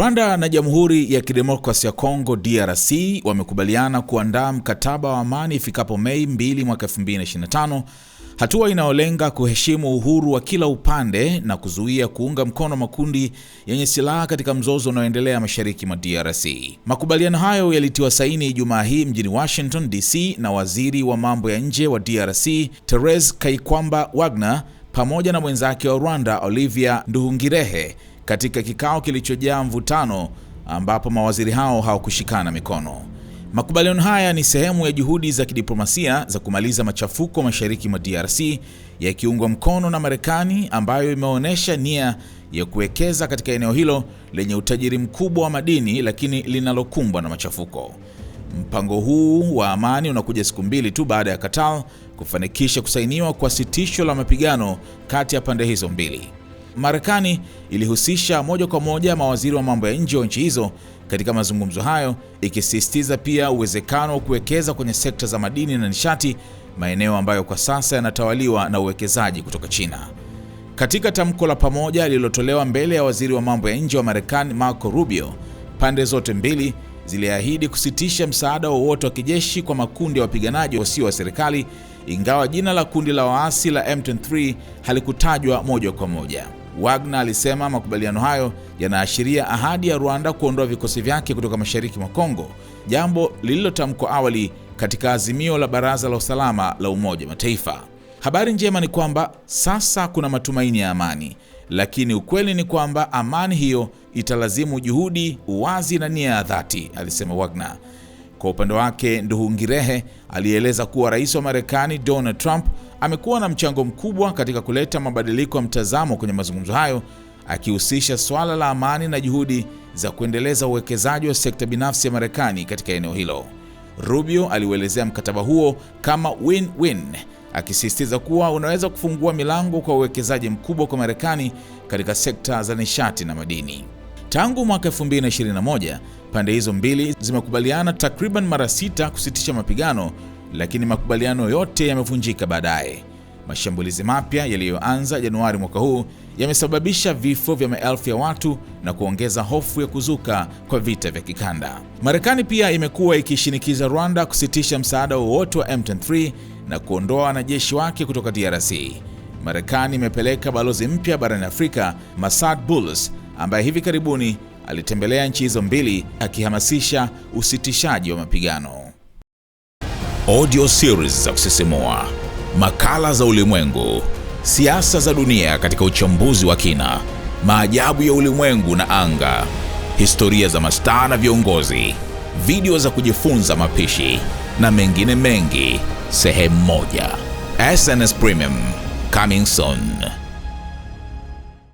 Rwanda na Jamhuri ya Kidemokrasia ya Kongo DRC wamekubaliana kuandaa mkataba wa amani ifikapo Mei 2 mwaka 2025, hatua inayolenga kuheshimu uhuru wa kila upande na kuzuia kuunga mkono makundi yenye silaha katika mzozo unaoendelea mashariki mwa DRC. Makubaliano hayo yalitiwa saini Ijumaa hii mjini Washington DC na waziri wa mambo ya nje wa DRC Therese Kaikwamba Wagner pamoja na mwenzake wa Rwanda Olivia Nduhungirehe katika kikao kilichojaa mvutano ambapo mawaziri hao hawakushikana mikono. Makubaliano haya ni sehemu ya juhudi za kidiplomasia za kumaliza machafuko mashariki mwa DRC yakiungwa mkono na Marekani ambayo imeonyesha nia ya kuwekeza katika eneo hilo lenye utajiri mkubwa wa madini lakini linalokumbwa na machafuko. Mpango huu wa amani unakuja siku mbili tu baada ya Qatar kufanikisha kusainiwa kwa sitisho la mapigano kati ya pande hizo mbili. Marekani ilihusisha moja kwa moja mawaziri wa mambo ya nje wa nchi hizo katika mazungumzo hayo, ikisisitiza pia uwezekano wa kuwekeza kwenye sekta za madini na nishati, maeneo ambayo kwa sasa yanatawaliwa na uwekezaji kutoka China. Katika tamko la pamoja lililotolewa mbele ya waziri wa mambo ya nje wa Marekani Marco Rubio, pande zote mbili ziliahidi kusitisha msaada wowote wa kijeshi kwa makundi ya wapiganaji wasio wa serikali, ingawa jina la kundi la waasi la M23 halikutajwa moja kwa moja. Wagner alisema makubaliano hayo yanaashiria ahadi ya Rwanda kuondoa vikosi vyake kutoka mashariki mwa Kongo, jambo lililotamkwa awali katika azimio la Baraza la Usalama la Umoja wa Mataifa. Habari njema ni kwamba sasa kuna matumaini ya amani, lakini ukweli ni kwamba amani hiyo italazimu juhudi, uwazi na nia ya dhati, alisema Wagner. Kwa upande wake, Nduhungirehe alieleza kuwa rais wa Marekani Donald Trump amekuwa na mchango mkubwa katika kuleta mabadiliko ya mtazamo kwenye mazungumzo hayo, akihusisha swala la amani na juhudi za kuendeleza uwekezaji wa sekta binafsi ya Marekani katika eneo hilo. Rubio aliuelezea mkataba huo kama win-win, akisisitiza kuwa unaweza kufungua milango kwa uwekezaji mkubwa kwa Marekani katika sekta za nishati na madini. Tangu mwaka 2021 Pande hizo mbili zimekubaliana takriban mara sita kusitisha mapigano, lakini makubaliano yote yamevunjika baadaye. Mashambulizi mapya yaliyoanza Januari mwaka huu yamesababisha vifo vya maelfu ya watu na kuongeza hofu ya kuzuka kwa vita vya kikanda. Marekani pia imekuwa ikishinikiza Rwanda kusitisha msaada wowote wa M23 na kuondoa wanajeshi wake kutoka DRC. Marekani imepeleka balozi mpya barani Afrika, Masad bulls ambaye hivi karibuni alitembelea nchi hizo mbili akihamasisha usitishaji wa mapigano. Audio series za kusisimua, makala za ulimwengu, siasa za dunia katika uchambuzi wa kina, maajabu ya ulimwengu na anga, historia za mastaa na viongozi, video za kujifunza mapishi na mengine mengi, sehemu moja. SNS Premium coming soon.